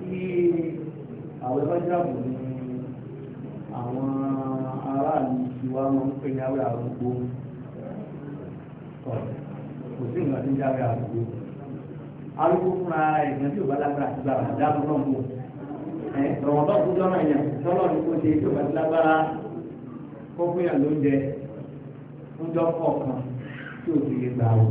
Tí àwọn ẹgbẹ́jàbò ni àwọn aráàlú ti wá máa ń pè ní àwẹ̀ àrùgbó. Kò sí nǹkan tí ń jáwé àrùgbó. Arúgbó fúnra ẹ̀gbọ́n tí ò bá lágbára àti gbàgbà dáàbò náà mú. Ẹ̀rọ̀ bá kú jọ́nà yẹn tọ́lọ̀ ní kó ṣe tí ò bá lágbára kó fún yàn lóúnjẹ fún jọ́ kọ̀ọ̀kan tí ò sì lè gbà wọ̀.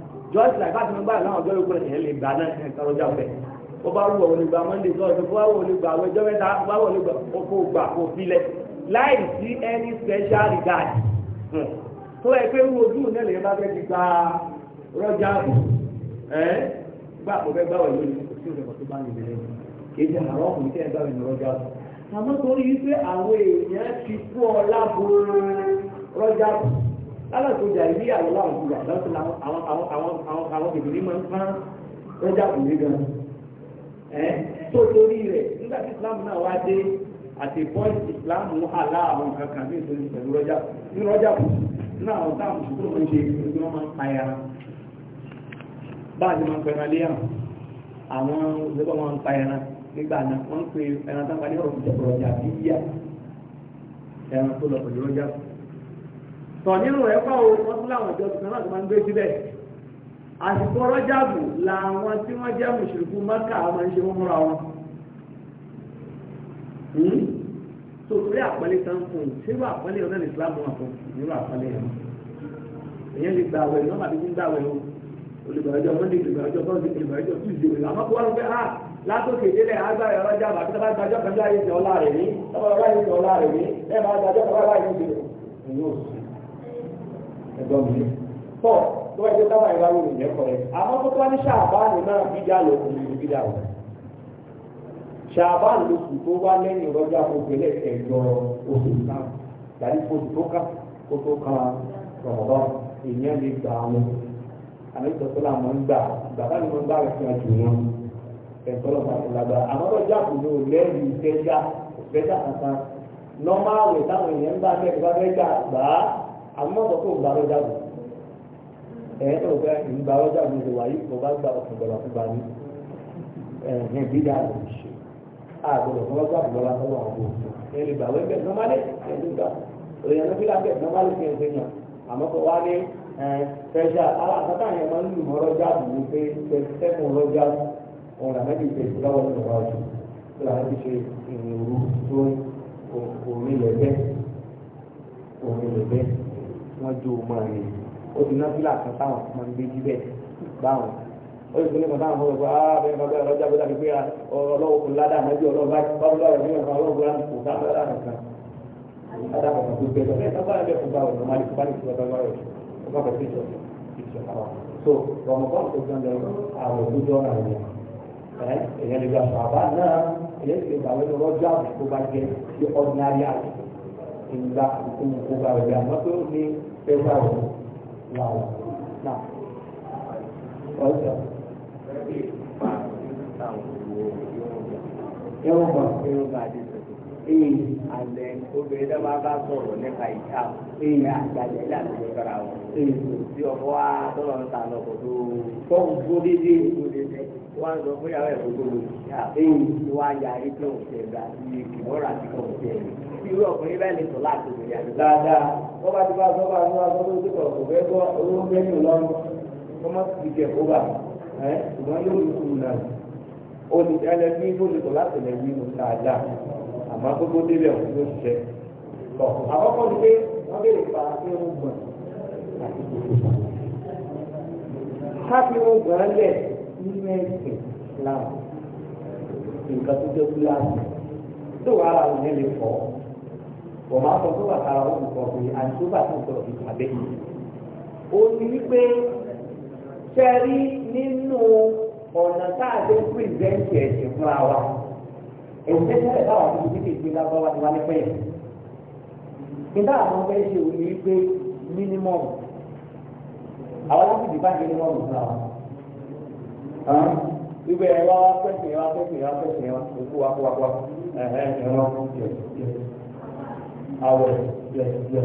jọ́ọ̀sì láì bá ti mú báyìí láwọn ọjọ́ yòókù rẹ̀ lè gbà náà ẹ̀ kọ́rọ́jà ọ̀fẹ́ ó bá wù ọ̀wọ́ nígbà monday sọ́ọ̀sì ó bá wù ọ̀lẹ́gbà àwọn ẹjọ́ mẹ́ta ó bá wù ọ̀lẹ́gbà kó gbà kó filẹ̀ láì sí any special regard hmm. tó ẹ pé wú ojú náà lè bá fẹ́ ti gba rọ́jà ààbò ẹ̀ gbà kó fẹ́ gbàwọ̀ lórí sí ìrẹ̀pọ̀ tó bá ní ìbẹ̀rẹ̀ kéde àárọ̀ ọkùnrin tẹ́ ẹ gbàwọ̀ ní rọ́jà ààbò àmọ́ torí wípé àwọn èèyàn ti kú ọ lábo rọ́jà ààbò alákòjà ilé àlọ́ àwọn ala lọ́sọ̀ àwọn àwọn àwọn àwọn àwọn àwọn bèbèrè máa ń pán rọ́jà kùnú gan ẹ́ tó torí rẹ̀ nígbà tí Islam náà wá dé àti point Islam ala àwọn kankan ní ìtòlú pẹ̀lú rọ́jà ní rọ́jà kùnú ní àwọn táwọn mùsùlùmí máa ń ṣe ìpinnu tí wọ́n máa ń máa ń àwọn máa ń nígbà náà wọ́n ń pe ẹran táwọn adé ọ̀rọ̀ ìjọba ẹran tó lọ pẹ̀lú tọ̀ nínú rẹ̀ kọ́ o wọ́n tún láwọn ìjọ tuntun náà tó máa ń gbé síbẹ̀ àsìkò rọ́jàbù làwọn tí wọ́n jẹ́ mùsùlùmí mọ́kà máa ń ṣe wọ́n múra wọn tó hmm? torí àpẹẹlẹ tán fún un sírú àpẹẹlẹ ọ̀nà ní islam wọn fún nírú àpẹẹlẹ yẹn èyàn lè gba àwẹ̀ nọ́mbà bíi ń gbàwẹ̀ o olùgbàlejò monday olùgbàlejò thursday olùgbàlejò tuesday àmọ́ kó wá lọ pé ah látòkè délẹ̀ agbára ẹ̀rọ jábà àti tábà gbàjọ́ kan láyé ìjọ ọlá rẹ̀ ní tábà gbàjọ́ kan láyé ìjọ ọlá rẹ̀ ní ẹ̀ máa gbàjọ́ kan láyé ìjọ ọlá rẹ̀ ní ẹgbẹ́ mi yẹn tọ́ tó bá jẹ́ sábà ìlà wò nìyẹn kọ̀ rẹ̀ àmọ́ tó bá ní ṣàbáàlì náà bídà lọ kò ní bídà o ṣàbáàlì oṣù tó wá lẹ́yìn ìrọ́jà ògbélẹ̀ ẹ̀jọ oṣù náà yàrá oṣù tó ká kó tó kan rọ̀mọ̀bọ́n ìyẹn lè gbà wọn àmì ìtọ́sọ́lá mọ̀ ń gbà bàbá mi mọ̀ ń gbà rẹ̀ fún àjò wọn ẹ̀tọ́lọ̀ pàtó lágbára àmọ́ lọ́jà kò ní òlẹ́rìí ìfẹ́jà ìfẹ́jà kankan nọ́máàwẹ̀ táwọn èèyàn ń bá mẹ́rin bá fẹ́ gbà gbà á àmọ́ sọ fún ìgbàlọ́ jáde ẹ̀yẹ́ tó fẹ́ ìgbàlọ́ jáde ṣe wáyé kò bá gba ọ̀sùn gbọ̀dọ̀ fún gbani ẹ̀hìn dídá ló ń ṣe àgbọ̀dọ̀ fún ọgbà àgbọ̀dọ̀ lọ́wọ́ àwọn ọ̀gbọ̀n ẹ̀rì ìgbàwé bẹ́ẹ̀ nọ́málẹ̀ ẹ̀dúgba òyìnbó tó fílà bẹ́ẹ̀ nọ́málẹ̀ fi ẹ̀sẹ̀ yàn àmọ́ kò wá ní fẹ́ṣà aláàtọ́tà yẹn máa ń lù mọ́ ọlọ́jà àbúrò pé tẹ́kùn ọlọ́jà ọ̀rọ̀ àmẹ́bí ìṣèṣ lọ́wọ́ nínú ọ̀rọ̀ ọ̀jù tó làwọn ti ṣe ìrìn òru tó òmìnir wọ́n jó mọ́ ẹ̀ ní ó ti ná fílà kan táwọn máa ń gbé jíbẹ̀ báwọn ó sì fún ìkàtà àwọn ọgbà bẹ́ẹ̀ bá bẹ́ẹ̀ lọ́jà bẹ́ẹ̀ pé ah, ọlọ́wọ́ kò ládàá mẹ́jọ ọlọ́wọ́ báyìí báwo lọ́wọ́ ẹ̀mí ọ̀gá ọlọ́wọ́ kò ládàá nìkan ládàá kan tó gbé lọ bẹ́ẹ̀ sábà ẹ̀mí ọ̀gá ọ̀nà máa lè kó bá lè kó bá lọ́wọ́ ọgbà bẹ́ẹ̀ fi jọ ìjọ àwọn so rọmọkàn tó gbọ́n lọ àwọn òkújọ náà yẹ ẹ̀yẹ lè gba bàbá náà ẹ̀yẹ lè gba wẹ́n lọ́jọ́ àbùkù bá jẹ sí ọ̀dínárì àti ìgbà àbùkù kó bá rẹ̀ àmọ́ pé ó ní pẹ́sà wọ̀ làwọ̀ náà. ọjà. yẹ́wọ̀n bọ̀. yẹ́wọ̀n bọ̀ àti sọ̀tò. ee àlẹ́ obìnrin tó bá bá sọ̀rọ̀ nípa ìjà o. ee àgbàlẹ̀ ilé àti ìjọra wọn. ee tí ọkọ wa tọ́lọ̀ ń ta lọ́kọ̀ tó. fọ́ọ̀mù tó dédé. tó dédé wọ́n sọ fún yàrá ìfowópamọ́ ìjà. ee wọ́n á yà ayé tó ń tẹ̀ gbà sí ọkùnrin bẹ́ẹ̀ lè tọ̀ láti ìrìn àjò dáadáa wọ́n bá ti bá sọ́ba ní wọ́n sọ́ba tó kọ̀ kò fẹ́ gbọ́ owó ń bẹ́ẹ̀ ní ọlọ́run wọ́n má ti jẹ̀ kó bà ẹ́ ṣùgbọ́n yóò ní kúrú náà olùtẹ́lẹ̀ bí ó lè tọ̀ láti ilẹ̀ yìí dáadáa àmọ́ gbogbo débẹ̀ òun ló ṣiṣẹ́ tọ̀ àkọ́kọ́ ni pé wọ́n béèrè pa irun gbọ̀n àti gbogbo ká fi irun lẹ̀ nínú ẹ̀sìn láàmú tó jẹ́ kúláàmù tó wàhálà lè fọ́ wọ́n máa sọ pé bàtàrà ó kọ̀ pé àti bá tó ń sọ̀rọ̀ fi pàdé yìí. ó ní wípé sẹ́rí nínú ọ̀nà tá a ṣe ń pírìsẹ́ǹtì ẹ̀sìn fúnra wa ẹ̀sìn tẹ́lẹ̀ táwọn ti fi kéde lágbára ti wá ní pẹ́yẹ. nígbà àwọn ọmọ ẹ̀ṣẹ̀ ò ní wípé mínímọ̀mù àwọn láti dìbà mínímọ̀mù fúnra wa. wípé ẹ wá pẹ̀sìn ẹ wá pẹ̀sìn ẹ wá pẹ̀sìn ẹ wá òkú wa kó wa kó wa Ah, àwẹ̀ yẹ yẹ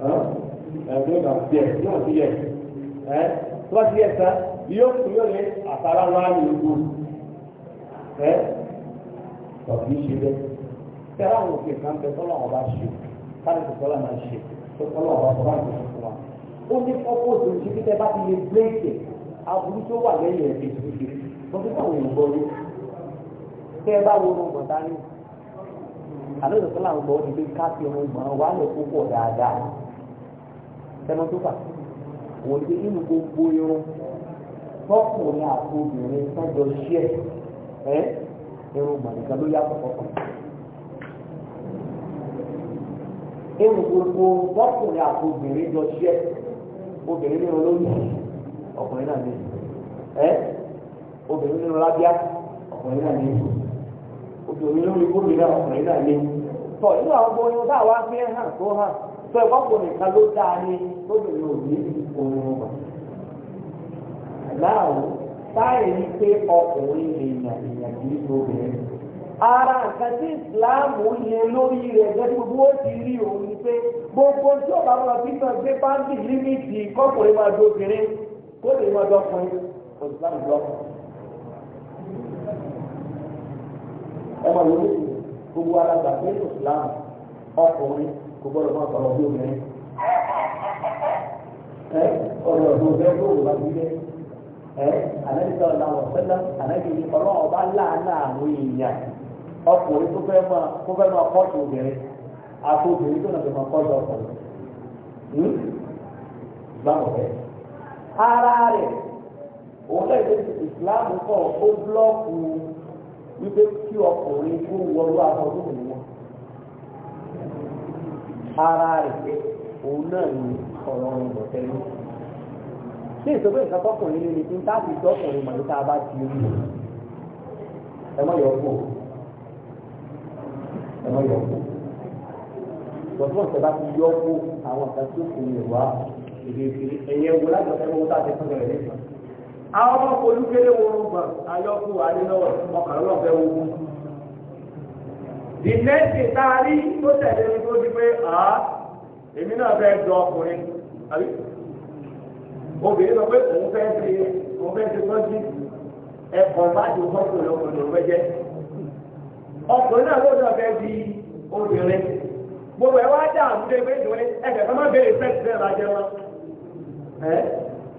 ẹgbẹ́ náà yẹ yóò ti yẹ ẹ tó bá ti yẹ tán yóò tún yóò lé àtàrà ńlá ní ìlú ẹ tọ̀kì ṣe bẹ́ẹ̀ tẹ́lá àwọn òkè kan bẹ tọ́lá o ṣe káàdì tó tọ́lá máa ṣe tó tọ́lá ọba tọ́lá máa ṣe fún wa ó ní fọ́pọ̀ tó ń ṣe kíkẹ́ bá ti lè bírèkì aburú tó wà lẹ́yìn ẹ̀ àlọ́ ìsọ̀lá ń gbọ́ ní pé káfí ọmọ ìmọ̀ wà lè púpọ̀ dáadáa tẹnu tó fà wọ́n ti inú gbogbo irun tọkùnrin àti obìnrin sọ́jọ́ ṣí ẹ̀ ẹ́ irun mọ̀nìkan ló yàtọ̀ kọ̀ọ̀kan. irun gbogbo tọkùnrin àti obìnrin jọ ṣí ẹ̀ obìnrin nínú lórí ọkùnrin náà ní ẹ́ obìnrin nínú lábíà ọkùnrin náà ní ìlú obìnrin lórí gómìnà náà ọkùnrin náà ní. tọ̀ nínú àwọn ọmọ ohun tá wá fi hàn tó hàn tó ẹ̀kọ́ kò nìkan ló dáa ní lóbìnrin ò ní ohun mọ̀. láàrú pé ọkùnrin èèyàn èèyàn kì í ara nǹkan tí yẹ lórí rẹ̀ gẹ́gẹ́ gbogbo ó ti rí òun pé gbogbo tí ó bá wọn títọ́ gbé bá ń bì límìtì kọ́kùnrin máa dóbìnrin kó lè máa dọ́kùnrin òṣìṣẹ́ àdúgbò ẹ máa wọlé sí gbogbo alága pé ìsìlámù ọkùnrin kò gbọ́dọ̀ máa sọ̀rọ̀ bí obìnrin ẹ ọ̀rọ̀ ọ̀dọ̀ ọ̀fẹ́ tó wò bá gbígbé ẹ àlẹ́sọ̀ làwọn sẹ́lẹ̀ àlẹ́sọ̀ ọlọ́run ọba láàánà àwọn èèyàn ọkùnrin tó fẹ́ máa tó fẹ́ máa kọ́ọ̀tù obìnrin àti obìnrin tó nàbẹ máa kọ́ọ̀tù ọkùnrin ìsìlámù fẹ́ ara rẹ̀ òun náà ìdí ìsìlámù kọ̀ ó búlọ́ọ̀kù wípé kí ọkùnrin kó wọlú aṣọ tó wù wọn ara rẹ̀ òun náà ni ọ̀rọ̀ ìbọ̀ tẹ́lú ní ìsọgbé nǹkan tọkùnrin ní ni kí n tá àti tọkùnrin màlúù tá a bá ti rí ẹ mọ yọ ọkọ ẹ mọ yọ ọkọ lọ́sọ̀rọ̀ tẹ bá ti yọ ọkọ àwọn kan tó kù ìwà èdè ẹ̀yẹ wo lájọ tẹ́lẹ̀ wọ́n tá a ti fún ẹ̀rẹ́ nìkan. àwọn ọmọ olúkéré wọn gbà ayọ́kù àdínlọ́wọ̀ ọkàlọ́fẹ́ ogun the ogun day tá tó tẹ̀lé ní tó di pé à èmi náà fẹ́ ọkùnrin àbí obìnrin sọ pé òun fẹ́ ṣe òun fẹ́ ṣe tọ́jú ẹ̀kọ́ bá ju ọkùnrin ló fẹ́ jẹ́ ọkùnrin náà lóòótọ́ fẹ́ di obìnrin gbogbo ẹ̀ wá pé ẹ̀kẹ́ má bẹ́ẹ̀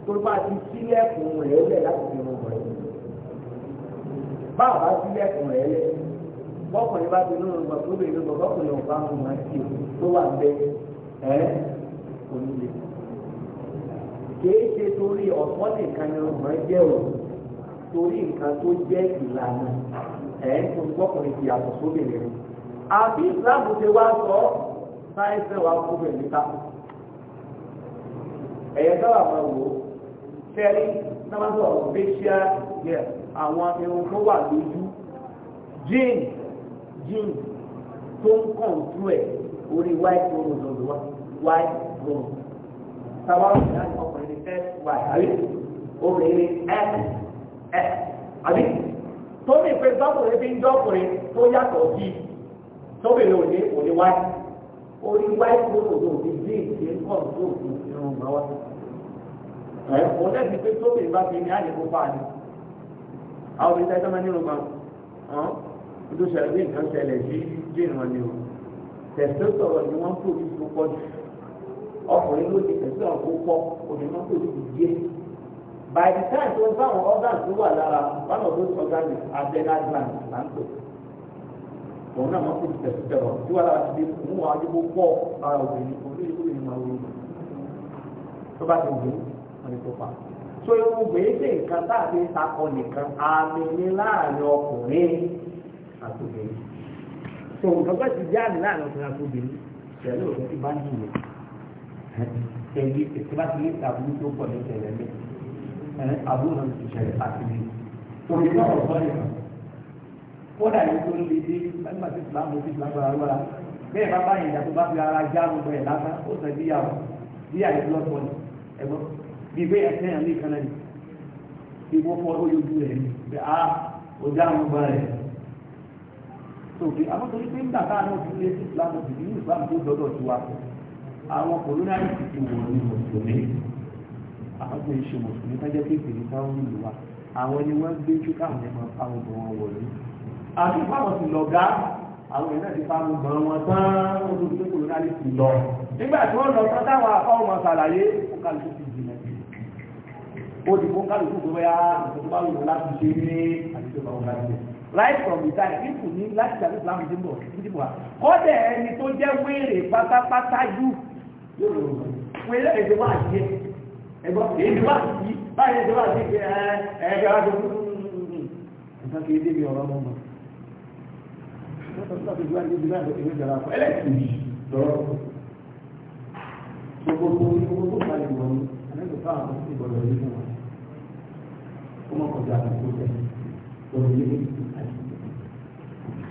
tó bá ti sílẹ̀kùn rẹ̀ lẹ̀ láti fi wọn wọ̀nyí. báwo bá sílẹ̀kùn rẹ̀ lẹ̀ bọ́kùnrin bá ti lóun gbọ̀ tó bèèrè gbọ̀ bọ́kùnrin ọ̀gá ń wọ̀n sí tó wà ń bẹ ẹ́ kò ní ṣe torí ọ̀pọ̀ nìkan ni ọ̀gbọ́n jẹ́ o torí nǹkan tó jẹ́ ìlànà ẹ̀ ń tún bọ́kùnrin ti yàtọ̀ sóbìnrin rẹ̀. àbí ìsìláàmù ti wá sọ sáyẹ́nsì wa kú bẹ̀ níta. ẹ̀yẹ sábà máa wò ó kẹrí námásọ̀ facial hair àwọn irun tó wà lójú jean jean tó ń kàn tú ẹ̀ orí white room lọ́dọ̀ wa white room sábà ọ̀sán ọkùnrin ní fẹ́ wà àbí obìnrin x x àbí tó ní pé bákùnrin bí ń dọ́kùnrin tó yàtọ̀ sí tóbìnrin òní òní wáyé orí wáyé tó kò tó òní bí ìdí ń kọ̀ tó òní irun gbà wá òun náà ti pé tó bèèrè bá fi ní àyè kó fà ní. àwọn obìnrin tẹ́tọ́ máa nínú kan hàn tó ṣẹlẹ̀ bí nǹkan ṣẹlẹ̀ sí jane wọn ni o tẹ̀sán sọ̀rọ̀ ni wọ́n tó bí tó pọ̀ jù ọkùnrin ló ti tẹ̀sán kó pọ̀ obìnrin wọn tó bí díẹ̀ by the time tó ń báwọn organs tó wà lára one of those organs adrenal gland là ń pè òun náà máa ń kóbi tẹ̀sán sọ̀rọ̀ tí wàá lára ti dé òun wà á dé kó pọ̀ ara obìnrin obìnrin kó lè máa wọ tó bá ti wù wọ́n tó so ewu gbèsè nǹkan tá a fi ń takọ nìkan àmì ní láàrin ọkùnrin àtòbìnrin so nǹkan bá ti jáde láàrin ọkùnrin àtòbìnrin pẹ̀lú òfin tí bá ń jìnnà ẹ̀yí tí bá ti ní ìtàkùn tó pọ̀ ní ìṣẹ̀lẹ̀ mi ẹ̀rẹ́ àbúrò náà ti ṣẹlẹ̀ àti mi òbí náà ọ̀gbọ́n nìkan kódà yìí tó ń le dé nígbà tí ìsìlámù ti ìsìlámù ara lọ́la bẹ́ẹ̀ bá báyìí ìyàtọ̀ bá fi ara já gbogbo ẹ̀ lásán ó sọ bí pé ẹsẹ̀ yẹn ní kanáà ni bí wọ́n fọ́ ó yọjú rẹ̀ ni bí a ah, ò dá àwọn ọgbà rẹ̀ sókè àwọn tó ní pé nígbà tá a náà fi lé sí ìlànà ìdí ní ìbámu tó dọ́dọ̀ tó wa àwọn kòrónà yìí ti wọ̀ ní mùsùlùmí àwọn tó ń ṣe mùsùlùmí ká jẹ́ pé ìpèní táwọn ìlú wa àwọn ni wọ́n gbé jù káwọn ẹ̀mọ́ fáwọn bọ̀ wọn wọ̀ ní. àti fáwọn sì lọ̀gá àwọn ìlú náà ti fáwọn bọ̀ wọn tán ó tó fi kòrónà yìí ti lọ. nígbà tí wọ́n lọ tán táwọn àfáwọn mọ̀ sàlàyé ó kàlùkù ti jìnà ó ti fún kálukú tó bẹ́yà tó bá wù láti ṣe ní àdúgbò bá wù láti ṣe. right from the time ipò ní láti ṣàlù islam ti bọ̀ ti bọ̀ kọ́dẹ̀ ẹni tó jẹ́ wéèrè pátápátá jù wéèrè èdè wà jẹ ẹgbọ́n èdè wà sí báyìí èdè wà sí ẹ ẹ ẹ wá dé nǹkan kì í débi ọ̀rọ̀ mọ́ mọ́. ẹlẹ́sìn lọ́rọ̀ gbogbo gbogbo ìgbòho tó balẹ̀ wọ̀nyí àlejò káàkiri ìgbọ̀dọ̀ yìí fún wa kó má kọjá àtúntò tẹ òun lé àtúntò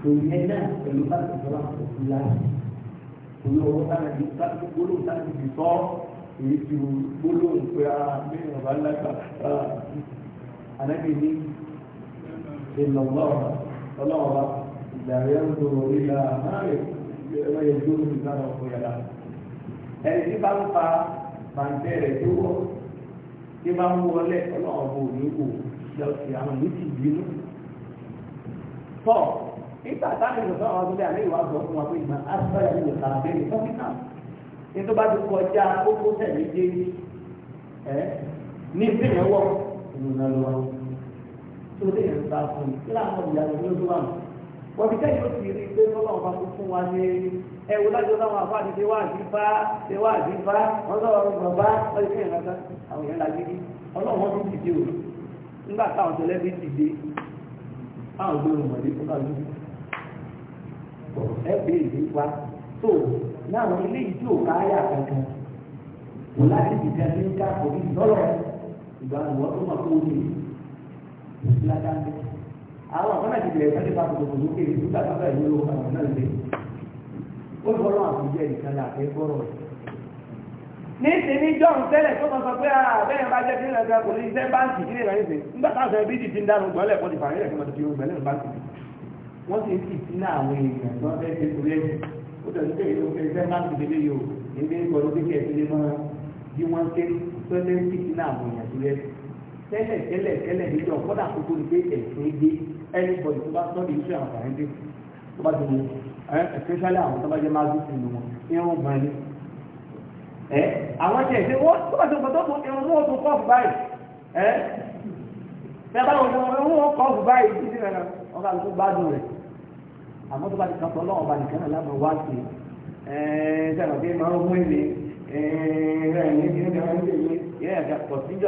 òun yẹn náà pẹ̀lú bá tó tọ́lá tó kú láàyè òun lọ́wọ́ sára ní sáàtì gbólóhùn sáàtì ti tọ́ èyí ti gbólóhùn pé a mẹ́rin ọ̀bá lágbà ànágbé ní ìlọ̀lọ́ọ̀bà ọlọ́ọ̀bà ìdàrí ẹ̀rọ ìlà ààrẹ ẹ̀rọ ìgbóhùn ìlànà ọ̀pọ̀ yàrá ẹni tí bá ń pa bàǹtẹ̀ rẹ̀ tó wọ̀ tí bá ń wọlé ọlọ́ọ̀bà òní kò ìjọ ìyàwó ní ti bínú. tọ́ nígbà táwọn ìjọba àwọn ọdún àlẹ́ ìwà sọ na wa pé ìgbà asọ́yà ní ìjọba àbẹ́rẹ́ fọ́nìkà ní tó bá ti kọjá kókó tẹ̀lé dé ní ìpínlẹ̀ wọ̀ ìrùnà lọ́wọ́ tó dé ìrùn bá fún mi kí láwọn ìyàwó ní nígbà táwọn tẹ̀lẹ́bí ti dé àwọn gbọ́dọ̀ mọ̀lé fún kálukú ẹ bèè wa tó láwọn ilé ìdí òkà ayà kankan kò láti ká kò ní lọ́rọ̀ tó ìlú àwọn ti bẹ̀rẹ̀ bá gbogbo nígbà tó bá ìlú náà ó ìkànnì ní ìsinmi john tó máa sọ pé àbẹ́yẹn ah, bá jẹ́ kílẹ̀ ẹ̀ka kò ní iṣẹ́ báńkì kílẹ̀ rẹ̀ níṣẹ́ nígbà táwọn ti fi ń dánú gbọ́lẹ̀ pọ̀ ti fà nílẹ̀ kí wọ́n ti fi ti ń àwọn èèyàn tó ń fẹ́ ṣe torí ẹ̀sìn ó tẹ̀lé pé ìlú ń gbọ́dọ̀ kékeré lé sí ẹ́ àwọn ẹ̀jẹ̀ ìṣe wọ́n tó bá ti gbọ́ tó kún irun kọ́ọ̀fù báyìí ẹ́ bẹ́ẹ̀ bá kọ́ọ̀fù báyìí títí rẹ̀ náà wọn gbádùn rẹ̀ àmọ́ tó bá ti kàtọ́ lọ́wọ́ bá nìkan lábọ̀ wá sí ẹ̀ẹ́ sẹ́nà bí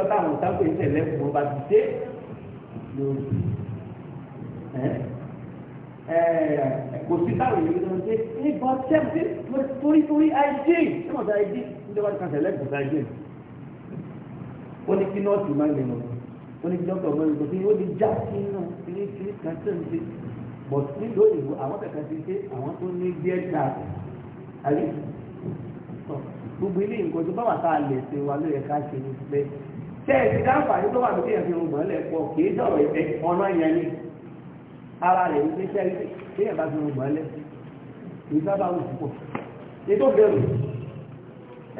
táwọn òtákò ìṣẹ̀lẹ̀ fún ọba ti dé lórí ẹ̀ẹ́ kò sí táwọn ìlú ní ọ̀rọ̀ ìdílé ní bọ́ sẹ́ẹ̀tì torí torí àìdí ìmọ̀ta àìdí ìjọba kan select again ó ní kí nọ́ọ̀sì máa lè nù ó ní kí dókítà máa lè nù kí ó lè já sínú kiri kiri kan tó ń ṣe but nílò òyìnbó àwọn kẹ̀kẹ́ ti ṣe àwọn tó ní díẹ̀ gbà ayé gbogbo ilé nǹkan tó bá wà tá a lè ṣe wa ló yẹ ká ṣe ní pẹ́ tẹ́ẹ̀sì láǹfààní tó wà ní kéèyàn fi lẹ̀ pọ̀ kì í sọ̀rọ̀ ìfẹ́ ọ̀nà yẹn ni ara rẹ̀ ní pé sẹ́ẹ̀sì kéèyàn bá fi hàn mọ́ lẹ̀ kì í sábà wù púpọ̀ ètò bẹ̀rù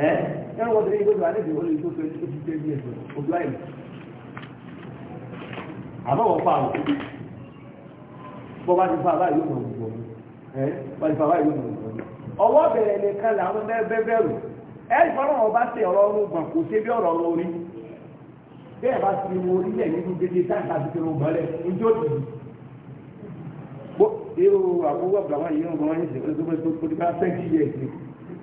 ẹ́ ẹ̀rọ wọ́n tẹ́lẹ̀ ìgbésọ̀ àti ìwọ́n lè tó fẹ́ tó ti tẹ́lẹ̀ ẹ̀sọ̀ ojú àyè àbọ̀wọ̀ pa àwọn bọ́ bá ti fa àbá yóò mọ̀ gbogbo ẹ́ bá ti fa àbá yóò mọ̀ gbogbo ọwọ́ bẹ̀rẹ̀ nìkan làwọn bẹ́ẹ̀bẹ́ẹ̀rù ẹ̀ ìfọ́nà ọba ṣe ọ̀rọ̀ ọrùn gbọ̀n kò ṣe bí ọ̀rọ̀ ọrùn orí bẹ́ẹ̀ bá ti wo orílẹ̀ nínú dédé táǹkà ti fi ro gbọ́lẹ̀ njó ti di. irú àkókò àbúrò àwọn yìí ń gbọ́n wáyé ṣe pé tó tó tó tó tó tó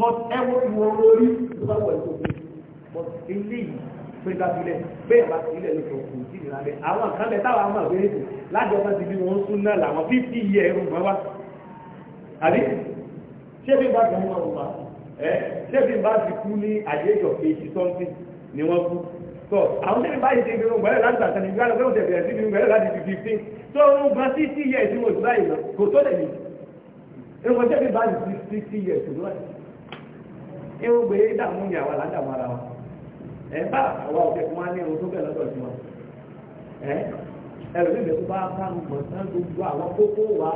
but ẹwọ ìwọ orí ìsọwọ ìsọfún but eléyìí péjá sílẹ̀ bẹ́ẹ̀ bá sílẹ̀ ló sọ kù sí ìrìnàlẹ̀ àwọn kan lẹ táwọn àmọ́ àgbẹ̀ ètò lájọba ti bí wọn sún náà làwọn fífi yẹ ẹrù mọ́ wá àbí ṣé bí bá gbọ́n wọn wá ẹ ṣé bí bá ti kú ní àyéjọ kejì sọ́ńtì ni wọ́n kú tọ́ àwọn tẹ́lẹ̀ báyìí ṣe ìgbìmọ̀ gbẹ́rẹ́ láti àtàn ìgbà lọ́wọ́ tẹ̀lẹ̀ bẹ̀rẹ̀ sí ìgbìmọ̀ gbẹ́rẹ́ láti fi fifteen tó ń gba sixty years ní oṣù báyìí kò tó lè ní. èèwọ̀n tẹ́lẹ̀ báyìí sixty years yóò gbé dààmú ìyàwó aládàmú ara wọn ẹ bá àwa òkè fún wa ní ohun tó bẹ̀ lọ́dọ̀ sí wọn ẹ ẹ̀rọ ìbẹ̀ tó bá bá ń gbọ̀n tán gbogbo àwọn kókó wa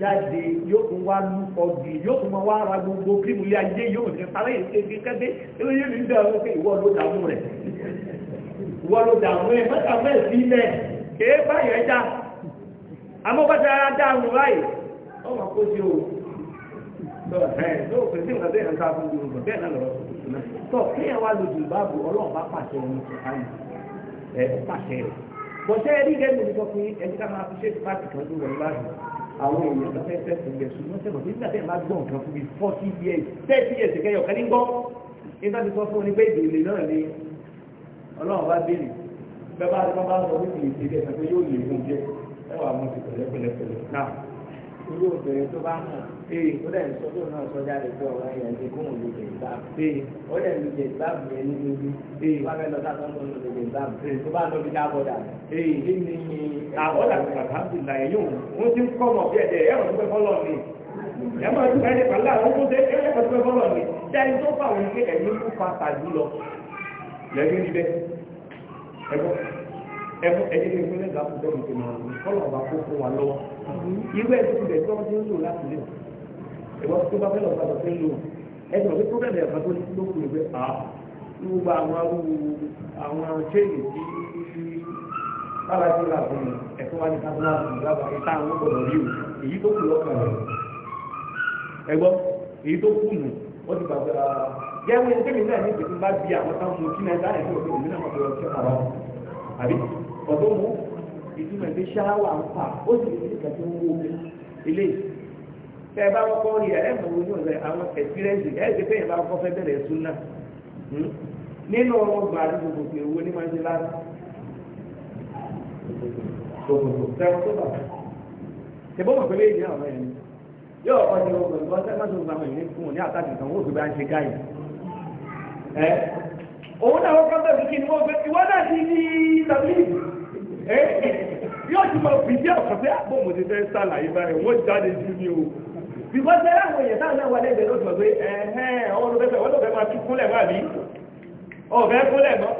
jáde yóò tún wá lú ọgbìn yóò tún wá ra gbogbo kírun ilé ayé yóò ní parí ètè kẹ́kẹ́ yóò yé mi bẹ̀rù pé ìwọ ló dààmú rẹ̀ ìwọ ló dààmú rẹ̀ mẹ́ta bẹ́ẹ̀ sí ilẹ̀ kéé báyẹn já àmọ́ bá ti rárá dáa nù báyìí ọmọ kó ṣe o tó kò sí nǹkan bẹ́ẹ̀ ń ká fún gbogbo bẹ́ẹ̀ náà lọ́rọ́ tuntun náà tó kéèyàn wá lójú báàbò ọlọ́run bá pàṣẹ ọmọ sùkánì ẹ ó pàṣẹ rẹ bọ́sẹ̀ rí gẹ́gẹ́ mi sọ pé ẹni ká máa fi ṣe pàtì kan tó wọ̀ láàyè àwọn èèyàn tó fẹ́ẹ́ fẹ́ẹ́ fẹ́ẹ́ ṣùgbọ́n sẹ́wọ̀n nígbà tẹ́ẹ̀ máa gbọ́ nǹkan fún mi forty years thirty years kẹyọ̀ kẹ́ni gbọ́ nígbà tó sọ fún mi pé ìdílé náà ni ọlọ́run bá béèrè bẹ́ẹ̀ bá bá sọ fún mi ìdílé ẹ̀ sọ pé yóò lè mú ẹwà mọ́ sí pẹ̀lẹ́pẹ̀lẹ́pẹ̀lẹ́ náà irú obìnrin tó bá mọ̀ pé ó dẹ̀ ń sọ tó náà sọ jáde pé ọ̀rọ̀ yẹn ti kóhùn ló lè gbà pé ó dẹ̀ ló lè gbà bẹ́ẹ̀ ní lórí pé wọ́n fẹ́ lọ sáà tó ló lè gbà tó bá lọ bí dábọ̀dà. èyí ni àwọn àgbà àbùlà ẹ̀yọ́ wọn ti ń kọ́ mọ̀ bí ẹ̀dẹ̀ ẹ̀rọ tó fẹ́ fọ́lọ́ mi ẹ̀rọ tó fẹ́ fọ́lọ́ mi dáì irú ẹ̀ tó bẹ̀ tó wọ́n ti ń lò láti lè ẹ̀wọ́ tó bá fẹ́ lọ bá lọ fẹ́ lò ẹ̀sìn ọ̀gbẹ́ pọ́blẹ́mù ẹ̀fọn tó ló kù ẹ̀gbẹ́ à lóba àwọn arúgbó àwọn chéèjì tí bábà fún mi ẹ̀fọ́ wa ní káfíńà ìgbàgbà ìta àwọn gbọ̀dọ̀ rí o èyí tó kù lọ́kàn rẹ̀ ẹ̀gbọ́ èyí tó kù nù ó ti gbàgbà yẹ́wọ́n ẹni tẹ́lẹ̀ náà ní ìpèsè bá bí àwọn táwọn mú kí náà dáhùn ẹ̀fọ́ ìtumọ̀ ìgbé ṣáwà ń fà ó sì ní ìgbà tó ń wo ilé tẹ ẹ bá kọ́kọ́ rí ẹ ẹ mọ̀ ojú ọ̀sẹ̀ àwọn ẹ̀sìrẹ́ǹsì ẹ̀ ṣe fẹ́yìn bá kọ́kọ́ fẹ́ bẹ̀rẹ̀ sún náà hmm? nínú ọ̀rọ̀ gbà ní gbogbo pé owó ní máa ń ṣe láti gbogbo sẹ́wọ́n tó bà ṣèbó mọ̀ pé méjì náà wọ́n yẹn yóò kọ́ ní ọgbọ̀n ìgbọ́n sẹ́wọ́n tó gbà wọ́n yẹn fún wọn ní àtàkì kan wọ́n fi bá ń ṣe ni yóò ti máa fi jẹ́ ọ̀kan pé àbọ̀ ah, mo ti fẹ́ sàlàyé báyìí wọ́n jáde jù ní o. bíbọ́ ṣe láwọn èèyàn táwọn náà wà lẹ́gbẹ̀ẹ́ lọ́sọ̀ pé ẹ̀hẹ́n ọwọ́ ló fẹ́ wọ́n ló fẹ́ máa tún kúnlẹ̀ wà ní. ọ̀fẹ́ kúnlẹ̀ mọ́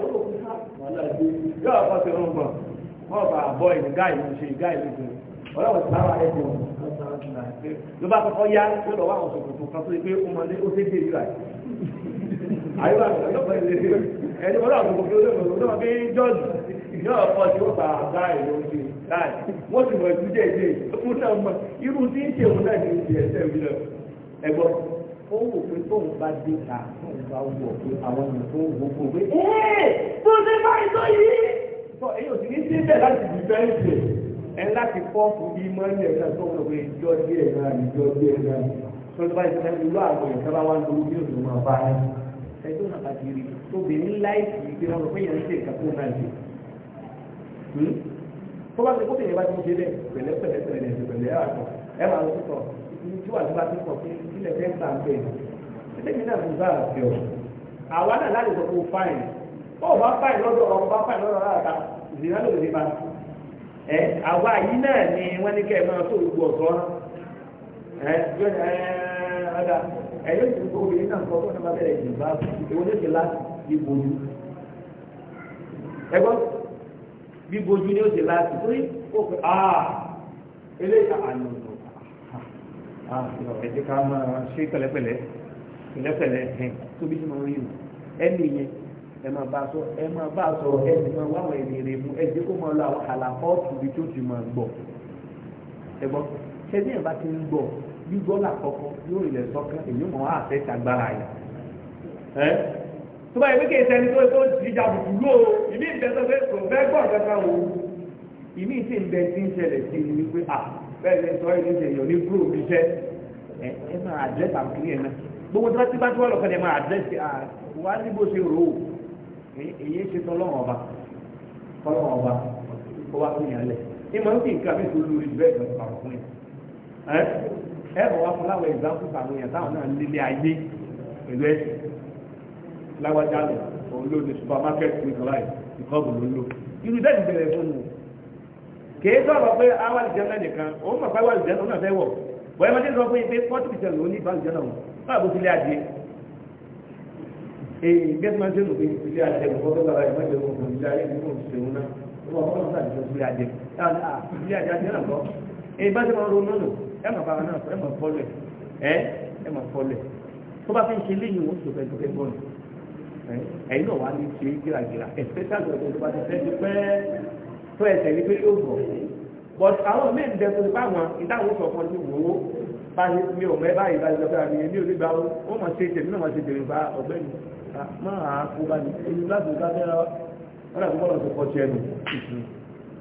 yóò kọ́ sí ọ̀run bọ̀ wọ́n bá bọ́ ìlú gáì ló ṣe gáì ló ṣe ọlọ́wọ́ ti sáwà ẹ̀jẹ̀ wọn. ló bá kọ́kọ́ yá ló lọ wá àwọn sòkòtò kan tó yẹ pé ó mọlé ó tẹ́tẹ́ ìlú àyè. àyíwá ọ̀pọ̀ ẹni ọlọ́wọ́ sòkòtò ó lè mọ̀ lọ́wọ́ bí jọ́ọ̀jù yóò kọ́ sí ó bá gáì ló ṣe wọ́n ti mọ̀ ẹ̀dújẹ́ ìdí ìfún náà mọ̀ irú tí ń ṣe náà ní ìdí ẹ̀sẹ̀ mi lọ ẹ̀gbọ́ ó wò pé tóun bá dé ta tóun bá wọ̀ pé àwọn èèyàn tó ń gbogbo pé ẹ́ẹ̀ tó ṣe báyìí tó yìí sọ èyí ò sì ní síbẹ̀ láti fi fẹ́ ṣe ẹ láti pọ́ọ̀pù bí mọ́ni ẹ̀ tó ń lọ pé ìjọ díẹ̀ náà ìjọ díẹ̀ náà tó ń bá ìṣẹ́ tó bá ti kó tèèyàn bá ti ṣe bẹ́ẹ̀ pẹ̀lẹ́ pẹ̀lẹ́ pẹ̀lẹ́ pẹ̀lẹ́ àtọ̀ ẹ máa lọ sọ tí wàá ti ti sọ pé ilẹ̀ fẹ́ gbà ń bẹ̀ ẹ̀ẹ́dẹ́gbẹ̀ náà ló bá àwa náà láti sọ ó bá lọ́dọ̀ ọ̀ bá lọ́dọ̀ ẹ àwa yìí náà ni wọ́n ní kẹ́ ẹ máa tó ọ̀tọ́ ẹ ti obìnrin náà kọ́ bíbojú ni ó ṣe láti torí ó pè á eléyà àlùmọ̀ ẹ̀jẹ̀ ká máa ṣe pẹ̀lẹ́pẹ̀lẹ́ pẹ̀lẹ́pẹ̀lẹ́ ẹ̀hìn tóbi tí mo rí o ẹni yẹn ẹ máa bá sọ ẹ máa bá sọ ẹ ti máa wá àwọn ènìyàn rẹ mú ẹ jẹ́ kó máa lọ àwọn àlàkọ́ọ̀tù bí tó ti máa gbọ́ ẹ gbọ́ ṣẹ́ni ẹ̀ bá ti ń gbọ́ làkọ́kọ́ yóò rìn lẹ̀ èyí mọ̀ á ah, àtẹ́tàgbára yẹn tó bá yẹ pé ní tó tó dìjà bùkù o ìmí ìbẹ́sọ̀ kò fẹ́ gbọ́ kankan o ìmí ìsì ń tí ń ṣẹlẹ̀ sí ni wípé à bẹ́ẹ̀ ni sọ èyí ṣe ní kúrò bí iṣẹ́ ẹ ẹ máa àdírẹ́sì náà gbogbo tó bá ti bá tó wà ẹ máa àdírẹ́sì wá o bó ṣe rò ó èyí ṣe tọ́lọ́wọ̀n ọba ẹ bọ̀ wá fún láwọn ìgbà fún táwọn náà ayé pẹ̀lú ẹ̀sìn lágbájá lọ òun ló ní supermarket ní kọláì ìkọ́bù ló ń lò irú dẹ́sì bẹ̀rẹ̀ fún un kèé sọ̀rọ̀ pé àwọn àlìjẹ́nà nìkan òun mọ̀ pé àwọn àlìjẹ́nà náà fẹ́ wọ̀ wọ́n ẹmọdé sọ pé pé fọ́tù ìṣẹ̀ ló ní ìbálòjẹ́nà wọn náà bó tilé adìẹ èyí gẹ́gẹ́ máa ń sẹ́nu pé ilé adìẹ kò fọ́ bàbá ìmọ̀ ìjọba òkú ilé adìẹ kò sì ṣe òun náà wọ́n fọ́ bàbá ìjọba ilé adìẹ ilé adìẹ adìẹ náà kọ́ èyí bá ti máa ronú nù ẹ mọ̀ bàbá náà ẹ mọ̀ fọ́lẹ̀ ẹ ẹ mọ̀ fọ́lẹ̀ tó bá fi ń ṣe léyìn òun sọ ẹ̀yin náà wà ní ṣe gíragíra especially ọ̀dọ́ tó bá ti fẹ́ ti pẹ́ tó ẹsẹ̀ ní pé yóò bọ̀ but àwọn mí ń dẹ́kun bá wọn ìdáhùn sọ fún ọdún wò ó bá ṣe mi ò mẹ́ báyìí bá ṣe lọ́pẹ́ àmì èmi ò ní gbà ó wọ́n mọ̀ ṣe tèmi náà mọ̀ ṣe tèmi bá ọ̀gbẹ́ni máa kó bá ní ẹni láti ìgbà bẹ́ẹ̀ wọ́n dàbí bọ́ọ̀lù tó kọ́ ṣe ẹnu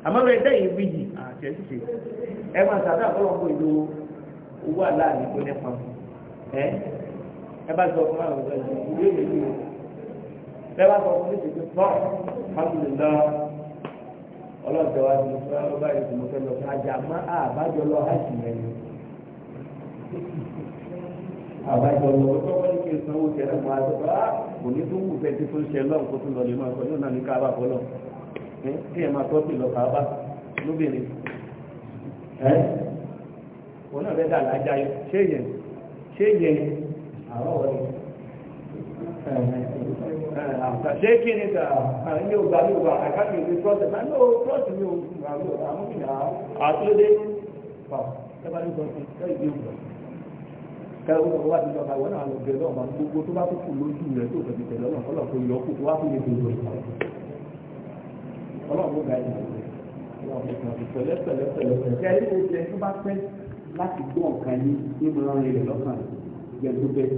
àmọ́ lóye dẹ́yìn wíyì àtẹ̀síṣe ẹ máa tàbí àbọ̀lọ́pọ̀ ìlú owó àlá àdìgbò nípa ẹ ẹ bá sọ fún àwọn ọ̀gbẹ́ni ìlú èmi lẹ́wọ́n sọ fún ìṣèjú pọ́ alhamdulilá ọlọ́dọ̀ wa ti fún ọ báyìí tó mo fẹ́ lọ fún ajá má àbájọ lọ hajj yẹn ni àbájọ lọ tó wọ́n ní kí n sanwó tẹ̀lé mọ́ àti bá kò ní tó wù fẹ́ tí tó ń ṣe lọ́n kó tó lọ lè máa sọ lóbìnrin ẹ̀ òun náà fẹ́ dà lájà yẹn àwọn ọ̀rẹ́ àṣẹ kí ni ta ní ọgbà ní ọgbà àkáàkì ìwé prọ́sẹ̀ náà ní o prọ́sẹ̀ ní àmúhìnà àtúndé pa ẹbá ní sọ́sẹ̀ ẹ̀ ìdí ògbà kẹwọ́n tó wá ti lọ́ka ìwọ́n náà lọ bẹ̀rẹ̀ ọ̀gbà gbogbo tó bá tó kù lójú rẹ̀ tó tẹ̀lé tẹ̀lé ọ̀nà kọ́lọ̀ tó yọ kù tó wá tó yẹ gbogbo ọlọ́run ga ẹ̀ pẹ̀lẹ́pẹ̀lẹ́pẹ̀lẹ́pẹ̀lẹ́ láti gbọ́ ọ̀kan ní ìmọ̀ràn rẹ̀ lọ́kàn yẹ tó bẹ́ẹ̀ tó